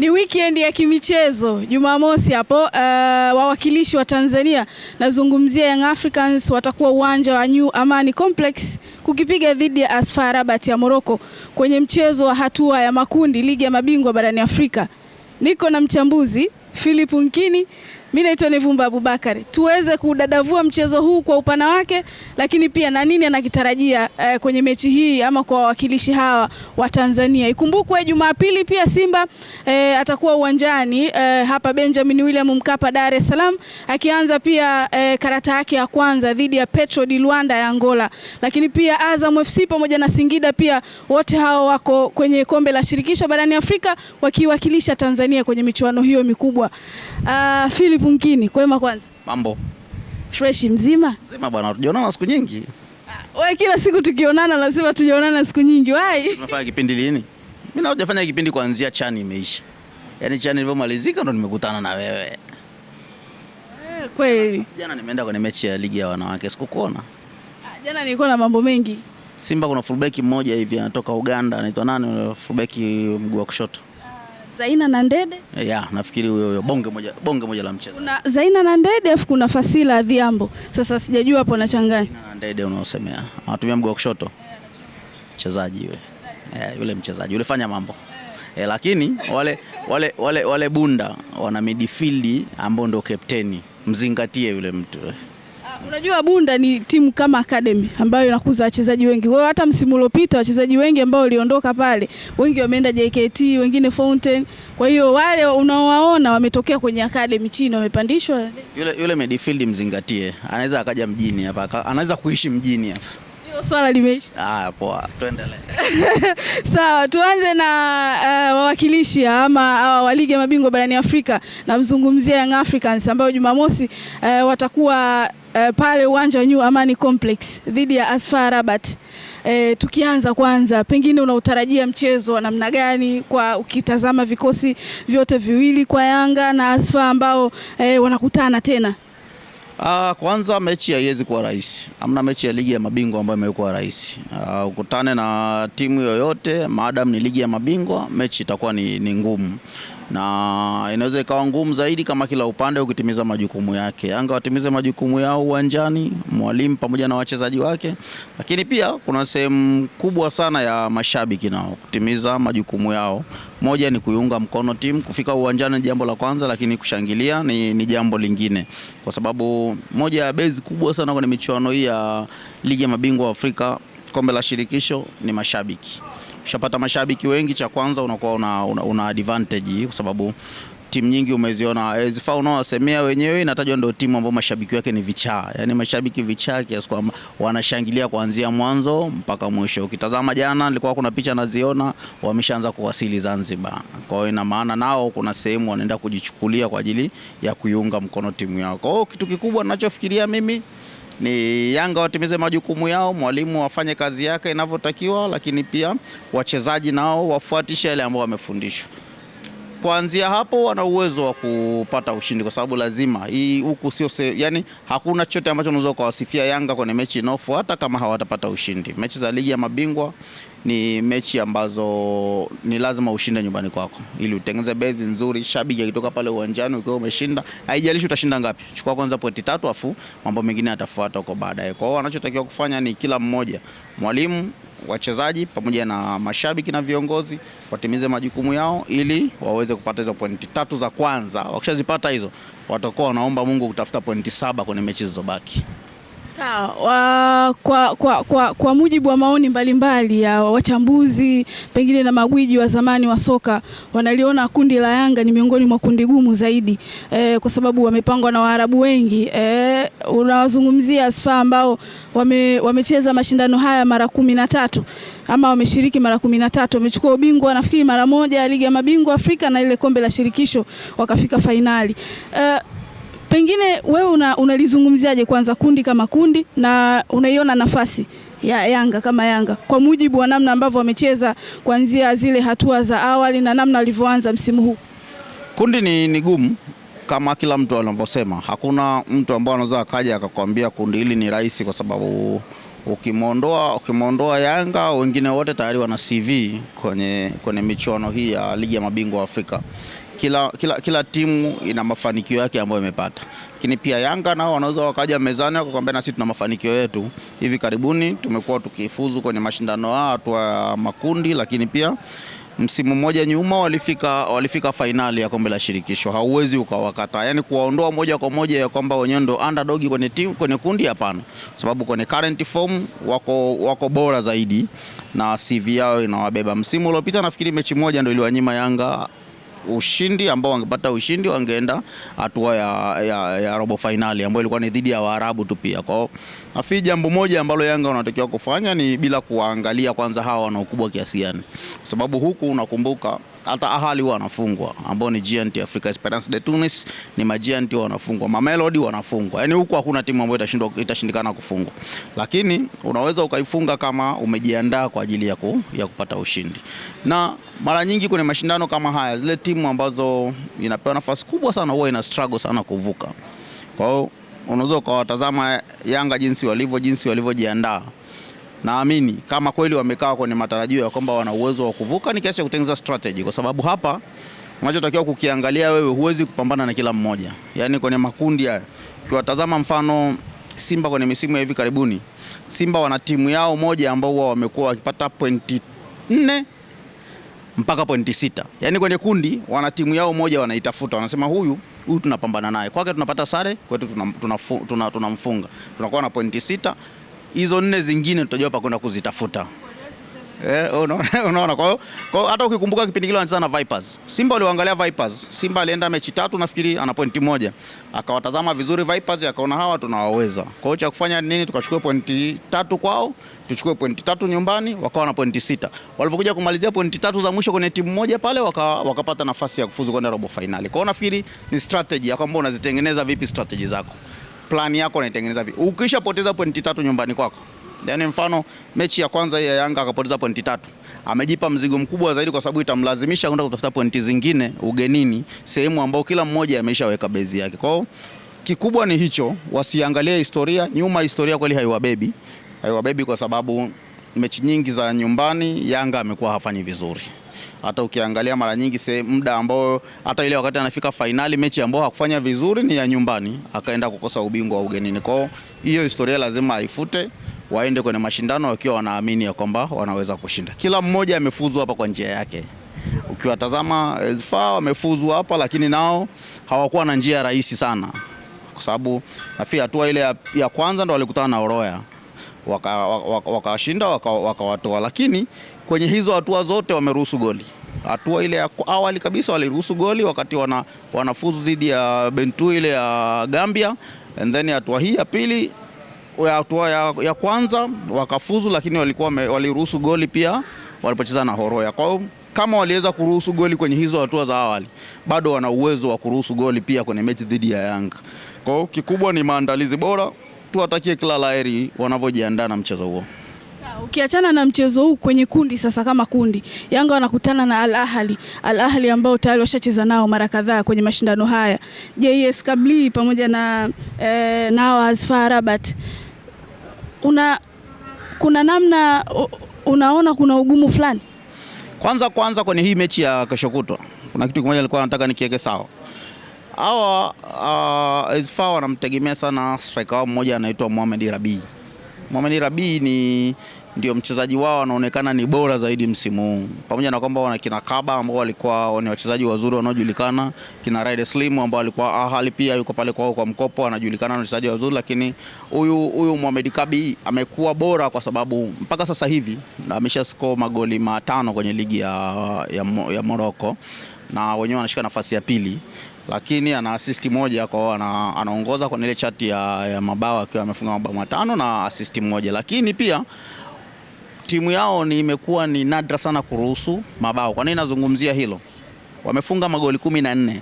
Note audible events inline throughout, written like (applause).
Ni weekend ya kimichezo Jumamosi hapo. Uh, wawakilishi wa Tanzania nazungumzia Young Africans watakuwa uwanja wa New Amani Complex kukipiga dhidi ya asfarabat Rabat ya Morocco kwenye mchezo wa hatua ya makundi ligi ya mabingwa barani Afrika. Niko na mchambuzi Philip Nkini mimi naitwa Nevumba Abubakari, tuweze kudadavua mchezo huu kwa upana wake, lakini pia na nini anakitarajia eh, kwenye mechi hii ama kwa wawakilishi hawa wa Tanzania. Ikumbukwe Jumapili pia Simba eh, atakuwa uwanjani eh, hapa Benjamin William Mkapa Dar es Salaam akianza pia eh, karata yake ya kwanza dhidi ya Petro di Luanda ya Angola, lakini pia Azam FC pamoja na Singida pia wote hao wako kwenye kombe la shirikisho barani Afrika wakiwakilisha Tanzania kwenye michuano hiyo mikubwa. Uh, Philip Punkini, kwema kwanza. Mambo. Fresh mzima? Mzima bwana, tujaonana siku nyingi. Ah, Wewe kila siku tukionana lazima tujaonana siku nyingi. Wai. unafanya kipindi lini? Mimi na hujafanya kipindi kuanzia chani imeisha. Yaani chani ilivyomalizika ndo nimekutana na wewe. Eh, kweli. Jana nimeenda kwenye mechi ya ligi ya wanawake sikukuona. Ah, jana nilikuwa na mambo mengi. Simba kuna fullback mmoja hivi anatoka Uganda anaitwa nani? Fullback mguu wa kushoto. Zaina na Ndede? Yeah, nafikiri huyo huyo bonge moja, bonge moja la mchezo. Kuna Zaina na Ndede afu kuna Fasila Adhiambo. Sasa sijajua hapo anachanganya. Zaina na Ndede unaosemea. Anatumia mguu wa kushoto. Mchezaji yule. Yeah, yule mchezaji yule fanya mambo. eh, lakini wale wale wale wale bunda wana midfield ambao ndio kapteni. Mzingatie yule mtu. Eh. Unajua Bunda ni timu kama academy ambayo inakuza wachezaji wengi. Kwa hiyo hata msimu uliopita wachezaji wengi ambao waliondoka pale, wengi wameenda JKT, wengine Fountain. Kwa hiyo wale unaowaona wametokea kwenye academy chini wamepandishwa. Yule yule midfield mzingatie. Anaweza akaja mjini hapa. Anaweza kuishi mjini hapa hilo swala limeisha. Ah, poa, tuendelee. (laughs) Sawa, tuanze na eh, wawakilishi ama uh, wa ligi ya mabingwa barani Afrika, namzungumzia Young Africans ambao Jumamosi uh, watakuwa Uh, pale uwanja wa New Amani Complex dhidi ya Asfar Rabat. E, tukianza kwanza, pengine unautarajia mchezo wa namna gani kwa ukitazama vikosi vyote viwili kwa Yanga na asfa ambao e, wanakutana tena? Ah, kwanza mechi haiwezi kuwa rahisi. Hamna mechi ya ligi ya mabingwa ambayo imekuwa rahisi. Ah, ukutane na timu yoyote, maadamu ni ligi ya mabingwa, mechi itakuwa ni, ni ngumu na inaweza ikawa ngumu zaidi kama kila upande ukitimiza majukumu yake. Yanga watimize majukumu yao uwanjani, mwalimu pamoja na wachezaji wake, lakini pia kuna sehemu kubwa sana ya mashabiki nao kutimiza majukumu yao. Moja ni kuiunga mkono timu, kufika uwanjani ni jambo la kwanza, lakini kushangilia ni, ni jambo lingine, kwa sababu moja ya bezi kubwa sana kwenye michuano hii ya ligi ya mabingwa Afrika kombe la shirikisho ni mashabiki. Ushapata mashabiki wengi, cha kwanza unakuwa una, una, una advantage kwa sababu timu nyingi umeziona Ezfa unaowasemea wenyewe inatajwa ndio timu ambayo mashabiki wake ni vichaa, yaani mashabiki vichaa kiasi kwamba wanashangilia kuanzia mwanzo mpaka mwisho. Ukitazama jana, nilikuwa kuna picha naziona wameshaanza kuwasili Zanzibar. Kwa hiyo ina maana nao kuna sehemu wanaenda kujichukulia kwa ajili ya kuiunga mkono timu yao. Kwa hiyo kitu kikubwa ninachofikiria mimi ni Yanga watimize majukumu yao, mwalimu afanye kazi yake inavyotakiwa, lakini pia wachezaji nao wafuatishe yale ambayo wamefundishwa kuanzia hapo wana uwezo wa kupata ushindi, kwa sababu lazima hii huku sio yani, hakuna chote ambacho unaweza ukawasifia Yanga kwenye mechi inayofuata kama hawatapata ushindi. Mechi za ligi ya mabingwa ni mechi ambazo ni lazima ushinde nyumbani kwako ili utengeneze bezi nzuri. Shabiki akitoka pale uwanjani ukiwa umeshinda, haijalishi utashinda ngapi, chukua kwanza pointi tatu, afu mambo mengine yatafuata huko baadaye. Kwa hiyo wanachotakiwa kufanya ni kila mmoja, mwalimu wachezaji pamoja na mashabiki na viongozi watimize majukumu yao ili waweze kupata hizo pointi tatu za kwanza. Wakishazipata hizo, watakuwa wanaomba Mungu kutafuta pointi saba kwenye mechi zilizobaki. Sawa. Kwa, kwa, kwa, kwa mujibu wa maoni mbalimbali mbali ya wachambuzi pengine na magwiji wa zamani wa soka wanaliona kundi la Yanga ni miongoni mwa kundi gumu zaidi e, kwa sababu wamepangwa na Waarabu wengi e, unawazungumzia Asfa ambao wame, wamecheza mashindano haya mara kumi na tatu ama wameshiriki mara kumi na tatu wamechukua ubingwa nafikiri mara moja ya ligi ya mabingwa Afrika na ile kombe la shirikisho wakafika fainali e, eh, Pengine wewe unalizungumziaje una kwanza kundi kama kundi na unaiona nafasi ya Yanga kama Yanga kwa mujibu wa namna ambavyo wamecheza kuanzia zile hatua za awali na namna walivyoanza msimu huu? Kundi ni, ni gumu kama kila mtu anavyosema. Hakuna mtu ambaye anaweza akaja akakwambia kundi hili ni rahisi, kwa sababu ukimwondoa ukimwondoa Yanga wengine wote tayari wana CV kwenye, kwenye michuano hii ya ligi ya mabingwa Afrika kila, kila, kila timu ina mafanikio yake ambayo imepata, lakini pia Yanga nao wanaweza wakaja mezani wakakwambia na sisi tuna mafanikio yetu. Hivi karibuni tumekuwa tukifuzu kwenye mashindano haya hatua ya makundi, lakini pia msimu mmoja nyuma walifika, walifika fainali ya kombe la shirikisho. Hauwezi ukawakata, yani kuwaondoa moja kwa moja ya kwamba wenyewe ndio underdog kwenye timu, kwenye kundi, hapana, sababu kwenye current form wako, wako bora zaidi na CV yao inawabeba. Msimu uliopita nafikiri mechi moja ndio iliwanyima Yanga ushindi ambao wangepata ushindi wangeenda hatua ya, ya, ya robo fainali ambayo ilikuwa ni dhidi ya Waarabu tu pia. Kwa hiyo nafikiri jambo moja ambalo Yanga wanatakiwa kufanya ni bila kuwaangalia kwanza hawa wana ukubwa kiasi gani, kwa sababu huku unakumbuka hata Ahali huwa wanafungwa ambao ni Giant Africa Esperance de Tunis, ni majianti wanafungwa, Mamelodi wanafungwa, yaani huko hakuna timu ambayo itashindwa itashindikana kufungwa, lakini unaweza ukaifunga kama umejiandaa kwa ajili ya, ku, ya kupata ushindi. Na mara nyingi kwenye mashindano kama haya zile timu ambazo inapewa nafasi kubwa sana huwa ina struggle sana kuvuka. Kwa hiyo unaweza ukawatazama Yanga jinsi walivyo, jinsi walivyojiandaa naamini kama kweli wamekaa kwenye matarajio ya kwamba wana uwezo wa kuvuka, ni kiasi cha kutengeneza strategy, kwa sababu hapa unachotakiwa kukiangalia wewe, huwezi kupambana na kila mmoja. Yaani kwenye makundi haya ukiwatazama, mfano Simba kwenye misimu ya hivi karibuni, Simba wana timu yao moja ambao wao wamekuwa wakipata pointi nne mpaka pointi sita. Yaani kwenye kundi wana timu yao moja wanaitafuta, wanasema huyu huyu tunapambana naye, kwake tunapata sare, kwetu tunamfunga, tuna, tuna, tuna tunakuwa na pointi sita hizo nne zingine tutajua pa kwenda kuzitafuta. Eh, oh, (laughs) unaona kwa hiyo hata ukikumbuka kipindi kile wanacheza na Vipers. Simba waliwaangalia Vipers. Simba alienda mechi tatu nafikiri ana pointi moja. Akawatazama vizuri Vipers akaona hawa tunawaweza. Kwa hiyo cha kufanya nini? Tukachukua pointi tatu kwao, tuchukue pointi tatu nyumbani, wakawa na pointi sita. Walipokuja kumalizia pointi tatu za mwisho kwenye timu moja pale wakawa wakapata nafasi ya kufuzu kwenda robo finali. Kwa hiyo nafikiri ni strategy ya kwamba unazitengeneza vipi strategy zako plani yako unaitengeneza vipi. Ukishapoteza pointi tatu nyumbani kwako, yani mfano mechi ya kwanza ya Yanga akapoteza pointi tatu, amejipa mzigo mkubwa zaidi, kwa sababu itamlazimisha kwenda kutafuta pointi zingine ugenini, sehemu ambao kila mmoja ameshaweka bezi yake. Kwa hiyo kikubwa ni hicho, wasiangalie historia nyuma. Historia kweli haiwabebi, haiwabebi kwa sababu mechi nyingi za nyumbani Yanga amekuwa hafanyi vizuri. Hata ukiangalia mara nyingi sehemu muda ambao hata ile wakati anafika fainali, mechi ambayo hakufanya vizuri ni ya nyumbani, akaenda kukosa ubingwa wa ugenini. Kwao hiyo historia lazima aifute, waende kwenye mashindano wakiwa wanaamini ya kwamba wanaweza kushinda. Kila mmoja amefuzu hapa kwa njia yake. Ukiwatazama eh, Far wamefuzu hapa, lakini nao hawakuwa na njia rahisi sana, kwa sababu nafikiri hatua ile ya, ya kwanza ndo walikutana na Oroya wakashinda waka, waka wakawatoa waka, lakini kwenye hizo hatua zote wameruhusu goli. Hatua ile ya awali kabisa waliruhusu goli wakati wana, wanafuzu dhidi ya Bentu ile ya Gambia, and then hatua hii ya pili hatua ya, ya kwanza wakafuzu, lakini walikuwa waliruhusu goli pia walipocheza na Horoya. Kwa hiyo kama waliweza kuruhusu goli kwenye hizo hatua za awali, bado wana uwezo wa kuruhusu goli pia kwenye mechi dhidi ya Yanga. Kwa hiyo kikubwa ni maandalizi bora, tuwatakie kila laheri wanavyojiandaa na mchezo huo. Ukiachana na mchezo huu kwenye kundi sasa, kama kundi Yanga wanakutana na Al Ahli, Al Ahli ambao tayari washacheza nao mara kadhaa kwenye mashindano haya, JS Kabli pamoja na eh, Nawaz FAR Rabat. Una kuna namna unaona kuna ugumu fulani? Kwanza kwanza kwenye hii mechi ya kesho kutwa kuna kitu kimoja nilikuwa nataka nikiweke sawa. Hawa uh, ah, Isfa wanamtegemea sana striker wao mmoja anaitwa Mohamed Rabi. Mohamed Rabi ni ndio mchezaji wao anaonekana ni bora zaidi msimu huu, pamoja na kwamba wana kina Kaba ambao walikuwa ni wachezaji wazuri wanaojulikana, kina Ride Slim ambao alikuwa ahali pia yuko pale kwao kwa mkopo, anajulikana ni wachezaji wazuri, lakini huyu huyu Mohamed Kabi amekuwa bora kwa sababu mpaka sasa hivi amesha score magoli matano kwenye ligi ya, ya, ya Morocco na wenyewe wanashika nafasi ya pili lakini ana assist moja kwao, anaongoza kwenye ile chati ya, ya mabao akiwa amefunga mabao matano na assist moja, lakini pia timu yao ni imekuwa ni nadra sana kuruhusu mabao. Kwa nini nazungumzia hilo? Wamefunga magoli kumi na nne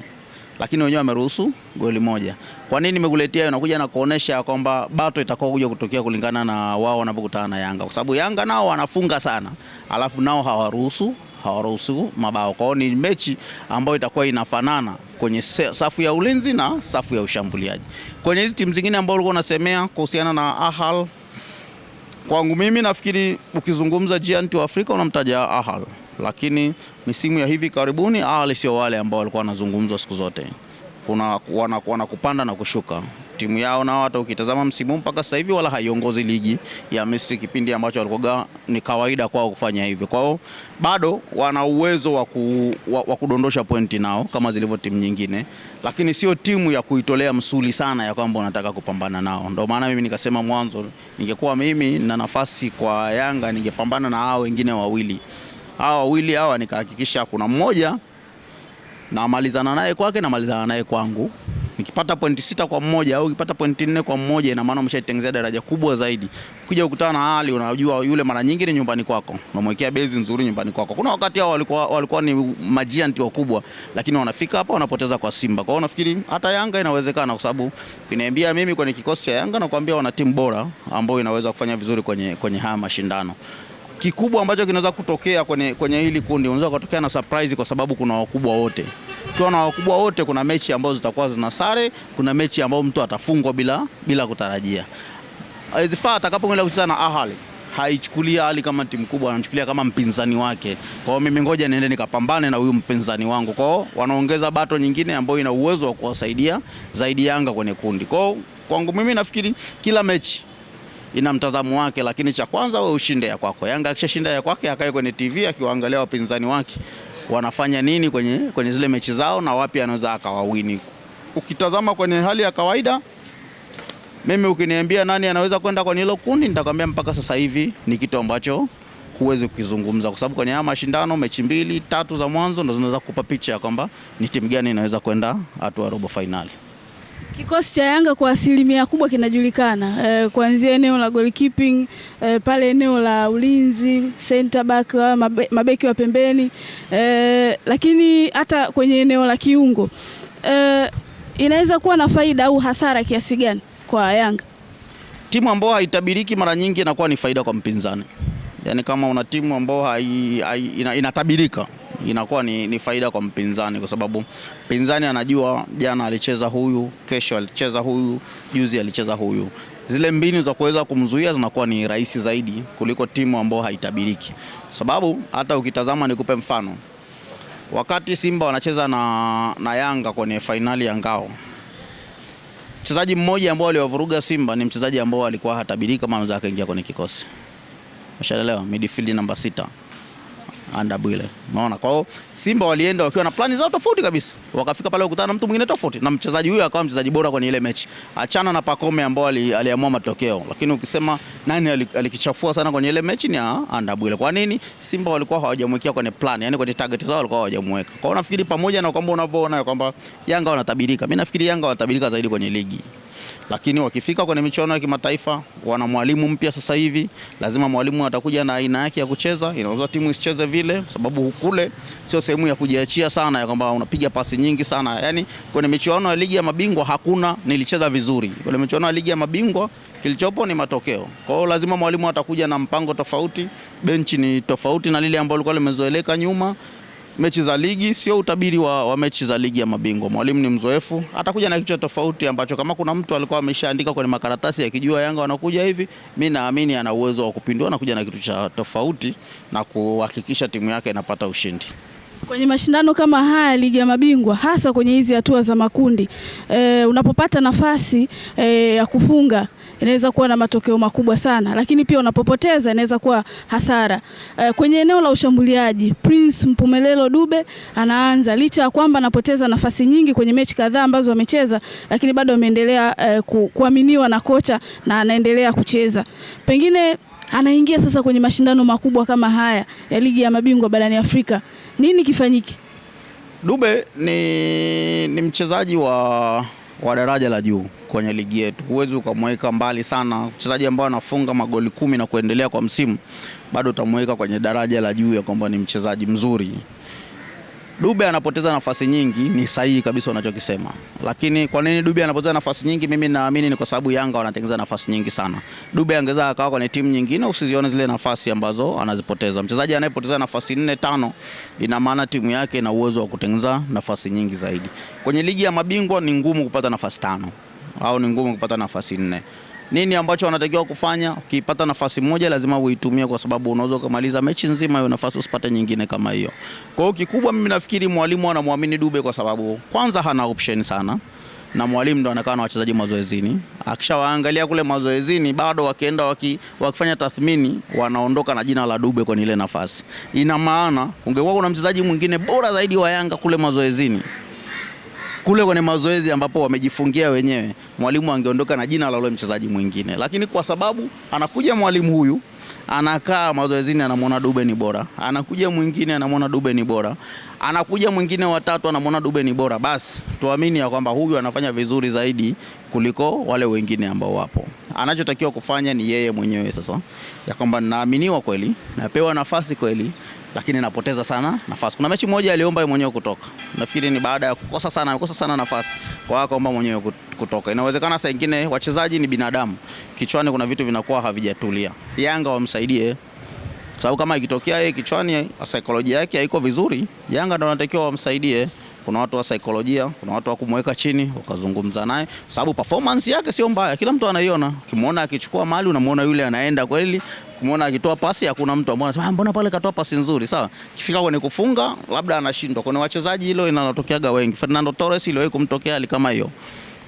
lakini wenyewe wameruhusu goli moja. Kwa nini nimekuletea? Inakuja na kuonesha kwamba bato itakuwa kuja kutokea kulingana na wao wanapokutana na Yanga, kwa sababu Yanga nao wanafunga sana, alafu nao hawaruhusu hawaruhusu mabao. Kwa hiyo ni mechi ambayo itakuwa inafanana kwenye safu ya ulinzi na safu ya ushambuliaji. Kwenye hizi timu zingine ambao ulikuwa unasemea kuhusiana na Ahal Kwangu mimi nafikiri ukizungumza giant wa Afrika unamtaja ahal lakini misimu ya hivi karibuni Ahal sio wale ambao walikuwa wanazungumzwa siku zote wanakupanda wana na kushuka timu yao nao, hata ukitazama msimu mpaka sasa hivi wala haiongozi ligi ya Misri, kipindi ambacho walikuwa ni kawaida kwao kufanya hivyo. Kwa hiyo bado wana uwezo wa waku, kudondosha pointi nao kama zilivyo timu nyingine, lakini sio timu ya kuitolea msuli sana ya kwamba unataka kupambana nao. Ndio maana mimi nikasema mwanzo, ningekuwa mimi na nafasi kwa Yanga ningepambana na hao wengine wawili, hao wawili hawa nikahakikisha kuna mmoja namalizana naye kwake, namalizana naye kwangu. Nikipata pointi sita kwa mmoja au ukipata pointi nne kwa mmoja, ina maana umeshaitengenezea daraja kubwa zaidi. Kuja kukutana na hali, unajua yule mara nyingi ni nyumbani kwako, unamwekea bezi nzuri nyumbani kwako. Kuna wakati hao walikuwa, walikuwa ni majianti wakubwa, lakini wanafika hapa wanapoteza kwa Simba. Kwa hiyo nafikiri hata Yanga inawezekana, kwa sababu ukiniambia mimi kwenye kikosi cha Yanga nakwambia wana timu bora ambayo inaweza kufanya vizuri kwenye, kwenye haya mashindano kikubwa ambacho kinaweza kutokea kwenye, kwenye hili kundi unaweza kutokea na surprise kwa sababu kuna wakubwa wote. Ukiwa na wakubwa wote, kuna mechi ambazo zitakuwa zina sare, kuna mechi ambayo mtu atafungwa bila, bila kutarajia. Ezifaa atakapokwenda kucheza na Ahali haichukulia hali kama timu kubwa, anachukulia kama mpinzani wake. Kwa hiyo mimi ngoja niende nikapambane na huyu mpinzani wangu. Kwa hiyo wanaongeza bato nyingine ambayo ina uwezo wa kuwasaidia zaidi Yanga kwenye kundi. Kwa hiyo kwangu mimi nafikiri kila mechi ina mtazamo wake, lakini cha kwanza wewe ushinde ya kwako. Yanga shinda ya kwake, akae kwenye TV akiwaangalia wapinzani wake wanafanya nini kwenye, kwenye zile mechi zao na wapi anaweza akawawini. Ukitazama kwenye hali ya kawaida, mimi ukiniambia nani anaweza kwenda kwenye hilo kundi, nitakwambia mpaka sasa hivi ni kitu ambacho huwezi kukizungumza, kwa sababu kwenye haya mashindano mechi mbili tatu za mwanzo ndo zinaweza kupa picha ya kwamba ni timu gani inaweza kwenda hatua robo fainali. Kikosi cha Yanga kwa asilimia kubwa kinajulikana e, kuanzia eneo la goalkeeping e, pale eneo la ulinzi center back, mabe, mabeki wa pembeni e, lakini hata kwenye eneo la kiungo e, inaweza kuwa na faida au hasara kiasi gani kwa Yanga? Timu ambayo haitabiriki mara nyingi inakuwa ni faida kwa mpinzani yani kama una timu ambayo ina, inatabirika inakuwa ni, ni faida kwa mpinzani kwa sababu mpinzani anajua jana alicheza huyu, kesho alicheza huyu, juzi alicheza huyu. Zile mbinu za kuweza kumzuia zinakuwa ni rahisi zaidi kuliko timu ambayo haitabiriki, sababu hata ukitazama, nikupe mfano, wakati Simba wanacheza na, na Yanga kwenye fainali ya ngao, mchezaji mmoja ambao aliwavuruga Simba ni mchezaji ambao alikuwa hatabiriki kama anaweza akaingia kwenye kikosi. Ushaelewa? Midfield namba sita Andabwile. Unaona? Kwa hiyo Simba walienda wakiwa na plani zao tofauti kabisa. Wakafika pale kukutana na mtu mwingine tofauti na mchezaji huyo akawa mchezaji bora kwenye ile mechi. Achana na Pacome ambao aliamua matokeo. Lakini ukisema nani alikichafua sana kwenye ile mechi ni Andabwile. Kwa nini? Simba walikuwa hawajamwekea kwenye plani, yani kwenye target zao walikuwa hawajamweka. Kwa hiyo nafikiri pamoja na kwamba unavyoona kwamba Yanga wanatabirika. Mimi nafikiri Yanga wanatabirika zaidi kwenye ligi lakini wakifika kwenye michuano ya kimataifa wana mwalimu mpya sasa hivi, lazima mwalimu atakuja na aina yake ya kucheza. Inaweza timu isicheze vile, sababu kule sio sehemu ya kujiachia sana, ya kwamba unapiga pasi nyingi sana. Yani kwenye michuano ya ligi ya mabingwa hakuna nilicheza vizuri. Kwenye michuano ya ligi ya mabingwa kilichopo ni matokeo. Kwa hiyo lazima mwalimu atakuja na mpango tofauti, benchi ni tofauti na lile ambalo lilikuwa limezoeleka nyuma mechi za ligi, sio utabiri wa, wa mechi za ligi ya mabingwa. Mwalimu ni mzoefu, atakuja na kichwa tofauti ambacho kama kuna mtu alikuwa ameshaandika kwenye makaratasi akijua Yanga wanakuja hivi, mi naamini ana uwezo wa kupindua na kuja na kitu cha tofauti na kuhakikisha timu yake inapata ushindi kwenye mashindano kama haya ligi ya mabingwa, hasa kwenye hizi hatua za makundi. E, unapopata nafasi e, ya kufunga inaweza kuwa na matokeo makubwa sana, lakini pia unapopoteza inaweza kuwa hasara. E, kwenye eneo la ushambuliaji Prince Mpumelelo Dube anaanza licha ya kwamba anapoteza nafasi nyingi kwenye mechi kadhaa ambazo amecheza, lakini bado ameendelea e, kuaminiwa na kocha na anaendelea kucheza pengine anaingia sasa kwenye mashindano makubwa kama haya ya ligi ya mabingwa barani Afrika, nini kifanyike? Dube ni, ni mchezaji wa wa daraja la juu kwenye ligi yetu. Huwezi ukamweka mbali sana mchezaji ambaye anafunga magoli kumi na kuendelea kwa msimu, bado utamweka kwenye daraja la juu ya kwamba ni mchezaji mzuri. Dube anapoteza nafasi nyingi, ni sahihi kabisa unachokisema, lakini kwa nini Dube anapoteza nafasi nyingi? Mimi naamini ni kwa sababu Yanga wanatengeneza nafasi nyingi sana. Dube angeza akawa kwenye timu nyingine, usizione zile nafasi ambazo anazipoteza. Mchezaji anayepoteza nafasi nne tano, ina maana timu yake ina uwezo wa kutengeneza nafasi nyingi zaidi. Kwenye ligi ya mabingwa ni ngumu kupata nafasi tano au ni ngumu kupata nafasi nne nini ambacho wanatakiwa kufanya. Ukipata nafasi moja lazima uitumie, kwa sababu unaweza ukamaliza mechi nzima hiyo nafasi usipate nyingine kama hiyo. Kwa hiyo kikubwa, mimi nafikiri mwalimu anamwamini Dube kwa sababu kwanza hana option sana na mwalimu ndo anakaa na wachezaji mazoezini, akishawaangalia kule mazoezini, bado wakienda waki, wakifanya tathmini wanaondoka na jina la Dube kwenye ile nafasi. Ina maana ungekuwa kuna mchezaji mwingine bora zaidi wa Yanga kule mazoezini kule kwenye mazoezi ambapo wamejifungia wenyewe, mwalimu angeondoka na jina la yule mchezaji mwingine, lakini kwa sababu anakuja mwalimu huyu anakaa mazoezini, anamwona Dube ni bora, anakuja mwingine, anamwona Dube ni bora, anakuja mwingine watatu, anamwona Dube ni bora, basi tuamini ya kwamba huyu anafanya vizuri zaidi kuliko wale wengine ambao wapo. Anachotakiwa kufanya ni yeye mwenyewe sasa, ya kwamba naaminiwa kweli, napewa nafasi kweli lakini napoteza sana nafasi. Kuna mechi moja aliomba mwenyewe kutoka, nafikiri ni baada ya kukosa sana, kukosa sana nafasi kwa akaomba mwenyewe kutoka. Inawezekana saa nyingine wachezaji ni binadamu, kichwani kuna vitu vinakuwa havijatulia. Yanga wamsaidie, sababu kama ikitokea yeye kichwani saikolojia yake haiko vizuri, Yanga ndio anatakiwa wamsaidie. Kuna watu wa saikolojia, kuna watu wa kumweka chini wakazungumza naye, sababu performance yake sio mbaya, kila mtu anaiona. Ukimwona akichukua mali, unamwona yule anaenda kweli, kumuona akitoa pasi, hakuna mtu ambaye anasema ah, mbona pale katoa pasi nzuri. Sawa, kifika kwenye kufunga labda anashindwa. Kuna wachezaji hilo inatokeaga wengi. Fernando Torres iliwahi kumtokea hali kama hiyo,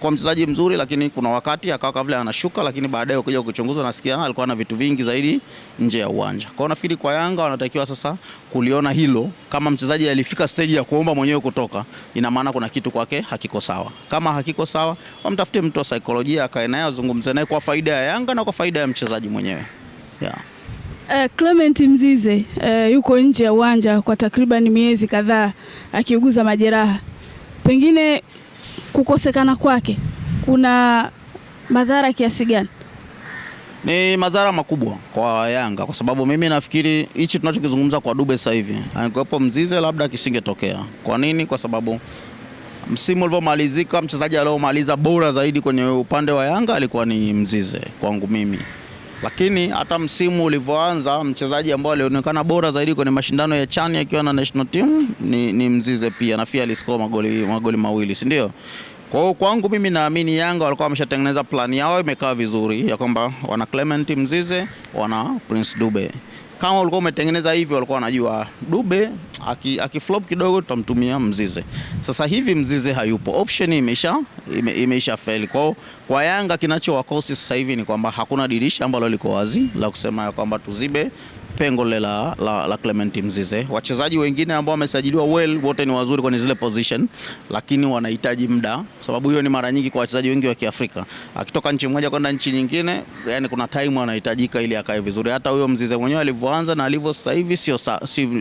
kwa mchezaji mzuri, lakini kuna wakati akawa vile anashuka, lakini baadaye ukija kuchunguzwa, nasikia ah, alikuwa na vitu vingi zaidi nje ya uwanja. Kwa hiyo nafikiri kwa Yanga wanatakiwa sasa kuliona hilo, kama mchezaji alifika stage ya kuomba mwenyewe kutoka, ina maana kuna kitu kwake hakiko sawa. Kama hakiko sawa, wamtafute mtu wa saikolojia, akae naye, azungumze naye kwa faida ya Yanga na kwa faida ya mchezaji mwenyewe yeah. Uh, Clement Mzize uh, yuko nje ya uwanja kwa takriban miezi kadhaa akiuguza majeraha. Pengine kukosekana kwake kuna madhara kiasi gani? Ni madhara makubwa kwa Yanga kwa sababu mimi nafikiri hichi tunachokizungumza kwa Dube sasa hivi, angekuwepo Mzize labda kisingetokea. Kwa nini? Kwa sababu msimu ulivyomalizika, mchezaji aliyomaliza bora zaidi kwenye upande wa Yanga alikuwa ni Mzize kwangu mimi lakini hata msimu ulivyoanza mchezaji ambao alionekana bora zaidi kwenye mashindano ya chani akiwa na national team ni, ni Mzize pia pia alisikoa magoli, magoli mawili si ndio? Kwa hiyo kwangu mimi naamini Yanga walikuwa wameshatengeneza plani yao, imekaa vizuri ya kwamba wana Clement Mzize, wana Prince Dube kama ulikuwa umetengeneza hivi, walikuwa wanajua Dube akiflop aki kidogo tutamtumia Mzize. Sasa hivi Mzize hayupo, option imeisha ime, imesha fail kwao. Kwa Yanga kinachowakosi sasa hivi ni kwamba hakuna dirisha ambalo liko wazi la kusema ya kwamba tuzibe pengo lile la, la, la Clement Mzize. Wachezaji wengine ambao wamesajiliwa well, wote ni wazuri kwenye zile position, lakini wanahitaji muda, sababu hiyo ni mara nyingi kwa wachezaji wengi wa Kiafrika, akitoka nchi moja kwenda nchi nyingine, yani kuna time anahitajika ili akae vizuri. Hata huyo Mzize mwenyewe alivyoanza na alivyo sasa hivi sio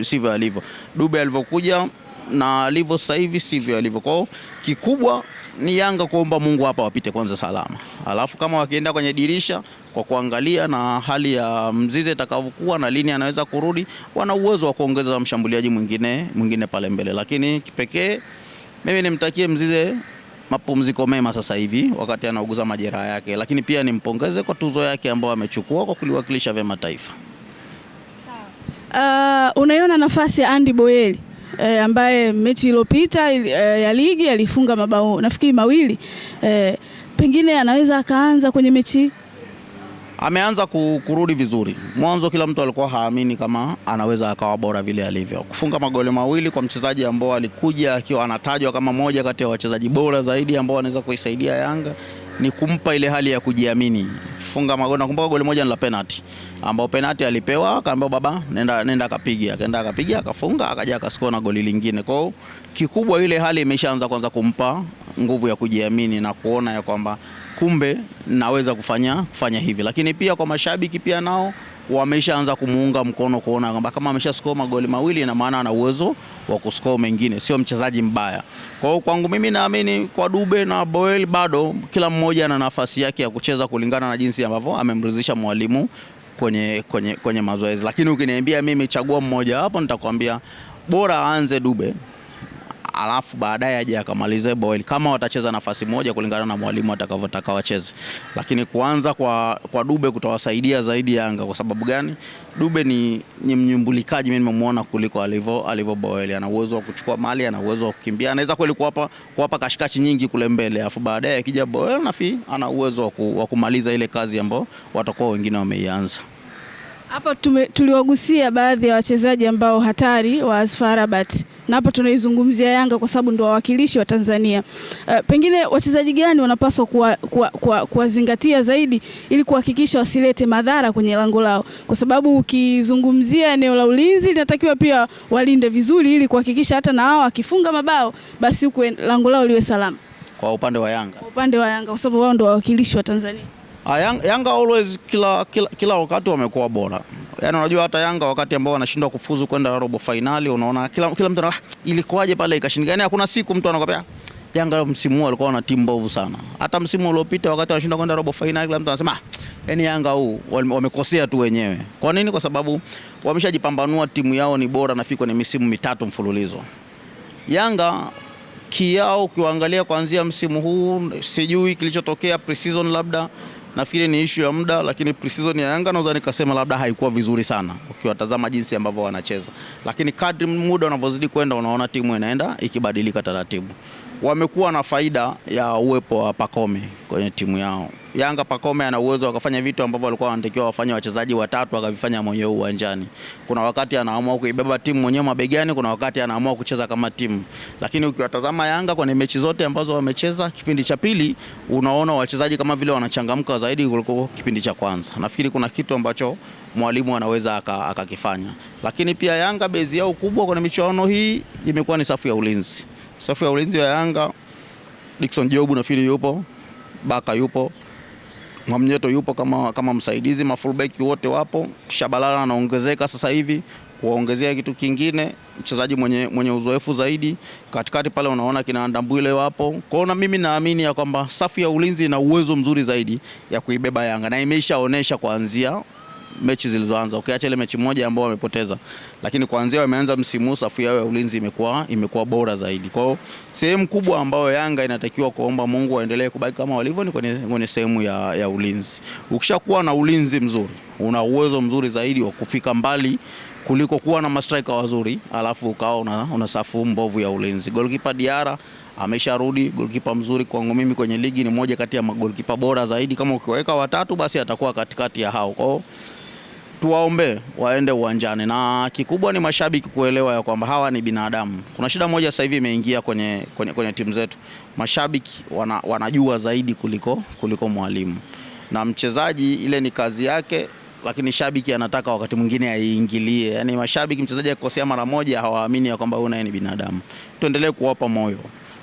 sivyo alivyo Dube alivyokuja na alivyo sasa hivi sivyo alivyo kwao kikubwa ni Yanga kuomba Mungu hapa wapite kwanza salama, alafu kama wakienda kwenye dirisha kwa kuangalia na hali ya Mzize itakavyokuwa na lini anaweza kurudi, wana uwezo wa kuongeza mshambuliaji mwingine mwingine pale mbele, lakini kipekee mimi nimtakie Mzize mapumziko mema sasa hivi wakati anauguza majeraha yake, lakini pia nimpongeze kwa tuzo yake ambayo amechukua kwa kuliwakilisha vyema taifa. Uh, unaiona nafasi ya Andy Boyeli e, ambaye mechi iliyopita e, ya ligi alifunga mabao nafikiri mawili e, pengine anaweza akaanza kwenye mechi. Ameanza kurudi vizuri. Mwanzo kila mtu alikuwa haamini kama anaweza akawa bora vile alivyo. Kufunga magoli mawili kwa mchezaji ambao alikuja akiwa anatajwa kama moja kati ya wachezaji bora zaidi ambao anaweza kuisaidia Yanga ni kumpa ile hali ya kujiamini. Funga magoli, nakumbuka goli moja ni la penalty, ambao penalty alipewa akaambiwa, baba nenda nenda akapiga, akaenda akapiga, akafunga, akaja akaskoa na goli lingine. Kwa kikubwa, ile hali imeshaanza kwanza kumpa nguvu ya kujiamini na kuona ya kwamba kumbe naweza kufanya kufanya hivi, lakini pia kwa mashabiki pia nao wameshaanza kumuunga mkono kuona kwamba kama score magoli mawili, ina maana ana uwezo wa kuscore mengine, sio mchezaji mbaya. Kwa hiyo kwangu mimi naamini kwa Dube na Boel bado kila mmoja ana nafasi yake ya kucheza kulingana na jinsi ambavyo amemridhisha mwalimu kwenye, kwenye, kwenye mazoezi, lakini ukiniambia mimi chagua mmoja wapo, nitakwambia bora aanze Dube alafu baadaye aje akamalize boil kama watacheza nafasi moja kulingana na mwalimu atakavyotaka wacheze, lakini kuanza kwa, kwa Dube kutawasaidia zaidi Yanga. Kwa sababu gani? Dube ni, ni mnyumbulikaji, mimi nimemuona kuliko alivyo alivyo boil. Ana uwezo wa kuchukua mali, ana uwezo wa kukimbia, anaweza kweli kuwapa kuwapa kashikashi nyingi kule mbele, alafu baadaye akija boil nafi ana uwezo wa kumaliza ile kazi ambayo watakuwa wengine wameianza hapa tuliwagusia baadhi ya wachezaji ambao hatari wa AS Rabat, na hapa tunaizungumzia Yanga kwa sababu ndio wawakilishi wa Tanzania. Uh, pengine wachezaji gani wanapaswa kuwazingatia kuwa, kuwa zaidi ili kuhakikisha wasilete madhara kwenye lango lao, kwa sababu ukizungumzia eneo la ulinzi linatakiwa pia walinde vizuri, ili kuhakikisha hata na wao wakifunga mabao basi huku lango lao liwe salama. Kwa upande wa Yanga, kwa upande wa Yanga kwa sababu wao ndio wawakilishi wa Tanzania. Ah, Yang, Yanga always kila, kila, kila wakati wamekuwa bora. Yaani unajua hata Yanga wakati ambao wanashindwa kufuzu kwenda robo finali unaona kila, kila mtu ah, ilikuwaje pale ikashindikana. Yaani hakuna siku mtu anakwambia ah, Yanga msimu huu alikuwa na timu mbovu sana. Hata msimu uliopita wakati wanashindwa kwenda robo finali kila mtu anasema ah, yaani Yanga huu wamekosea tu wenyewe. Kwa nini? Kwa sababu wameshajipambanua timu yao ni bora na fiko ni misimu mitatu mfululizo. Yanga kiao ukiwaangalia kuanzia msimu huu sijui kilichotokea pre-season labda Nafikiri ni ishu ya muda, lakini preseason ya Yanga naweza nikasema labda haikuwa vizuri sana ukiwatazama jinsi ambavyo wanacheza, lakini kadri muda unavyozidi kwenda, unaona timu inaenda ikibadilika taratibu wamekuwa na faida ya uwepo wa Pacome kwenye timu yao. Yanga Pacome ana uwezo akafanya vitu ambavyo walikuwa wanatakiwa wafanye wachezaji watatu, akavifanya mwenyewe uwanjani. Kuna wakati anaamua kuibeba timu mwenyewe mabegani, kuna wakati anaamua kucheza kama timu. Lakini ukiwatazama Yanga kwenye mechi zote ambazo wamecheza kipindi cha pili, unaona wachezaji kama vile wanachangamka zaidi kuliko kipindi cha kwanza. Nafikiri kuna kitu ambacho mwalimu anaweza akakifanya aka, lakini pia Yanga bezi yao kubwa kwenye michuano hii imekuwa ni safu ya ulinzi safu ya ulinzi wa Yanga Dickson Jobu nafikiri yupo, Baka yupo, Mwamnyeto yupo kama, kama msaidizi, mafullback wote wapo. Shabalala anaongezeka sasa hivi, kuwaongezea kitu kingine, mchezaji mwenye, mwenye uzoefu zaidi. Katikati pale unaona kina Ndambwile wapo kwao, na mimi naamini ya kwamba safu ya ulinzi ina uwezo mzuri zaidi ya kuibeba Yanga na imeishaonesha kuanzia mechi zilizoanza, ukiacha ile mechi moja ambayo wamepoteza, lakini kuanzia wameanza msimu safu yao ya ulinzi imekuwa imekuwa bora zaidi. Kwa hiyo sehemu kubwa ambayo Yanga inatakiwa kuomba Mungu waendelee kubaki kama walivyo ni kwenye, kwenye sehemu ya, ya ulinzi. Ukishakuwa na ulinzi mzuri, una uwezo mzuri zaidi wa kufika mbali kuliko kuwa na mastrika wazuri alafu ukawa una, una safu mbovu ya ulinzi. Golkipa Diara amesharudi golikipa mzuri kwangu mimi kwenye ligi, ni moja kati ya magolikipa bora zaidi. Kama ukiweka watatu, basi atakuwa katikati ya hao kwao tuwaombe waende uwanjani, na kikubwa ni mashabiki kuelewa ya kwamba hawa ni binadamu. Kuna shida moja sasa hivi imeingia kwenye, kwenye, kwenye timu zetu, mashabiki wana, wanajua zaidi kuliko, kuliko mwalimu na mchezaji, ile ni kazi yake, lakini shabiki anataka wakati mwingine aiingilie. Yani mashabiki, mchezaji akikosea mara moja hawaamini ya kwamba huyu naye ni binadamu. Tuendelee kuwapa moyo,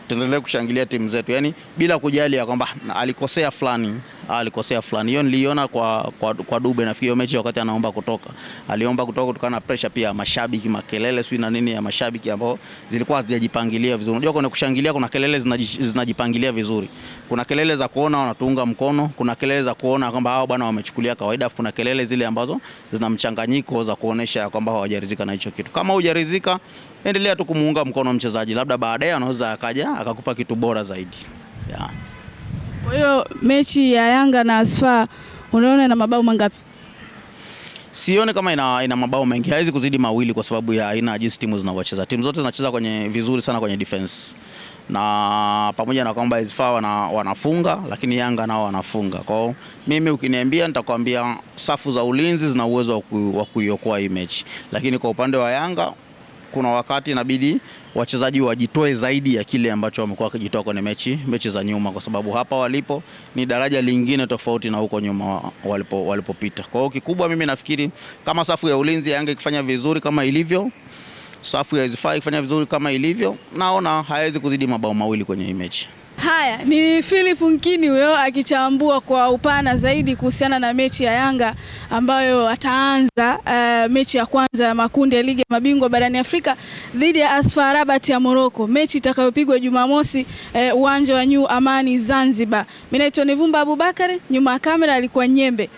tuendelee kushangilia timu zetu, yani bila kujali ya kwamba ah, alikosea fulani Ah, alikosea fulani. Hiyo niliona kwa, kwa, kwa Dube na hiyo mechi wakati anaomba kutoka, aliomba kutoka kutokana na pressure pia mashabiki, makelele sio na nini ya mashabiki ambao zilikuwa hazijajipangilia vizuri. Unajua kuna kushangilia, kuna kelele zinajipangilia vizuri, kuna kelele za kuona wanatuunga mkono, kuna kelele za kuona kwamba hao bwana wamechukulia kawaida, kuna kelele zile ambazo zina mchanganyiko za kuonesha kwamba hawajaridhika na hicho kitu. Kama hujaridhika, endelea tu kumuunga mkono mchezaji, labda baadaye anaweza akaja akakupa kitu bora zaidi yeah. Kwa hiyo mechi ya Yanga na Asfa unaona ina mabao mangapi? Sione kama ina, ina mabao mengi, haiwezi kuzidi mawili kwa sababu ya aina ya jinsi timu zinavyocheza. Timu zote zinacheza kwenye vizuri sana kwenye defense na pamoja na kwamba Asfa wana, wanafunga lakini Yanga nao wanafunga. Kwa hiyo mimi ukiniambia, nitakwambia safu za ulinzi zina uwezo wa kuiokoa hii mechi, lakini kwa upande wa Yanga kuna wakati inabidi wachezaji wajitoe zaidi ya kile ambacho wamekuwa wakijitoa kwenye mechi, mechi za nyuma, kwa sababu hapa walipo ni daraja lingine tofauti na huko nyuma walipo walipopita. Kwa hiyo kikubwa, mimi nafikiri kama safu ya ulinzi Yanga ikifanya vizuri kama ilivyo, safu ya zifai ikifanya vizuri kama ilivyo, naona hawezi kuzidi mabao mawili kwenye hii mechi. Haya ni Philip Nkini huyo akichambua kwa upana zaidi kuhusiana na mechi ya Yanga ambayo ataanza uh, mechi ya kwanza ya makundi ya ligi ya mabingwa barani Afrika dhidi ya asfarabat Rabat ya Morocco, mechi itakayopigwa Jumamosi eh, uwanja uh, wa New Amani Zanzibar. Mimi naitwa Nivumba Abubakari, nyuma ya kamera alikuwa Nyembe.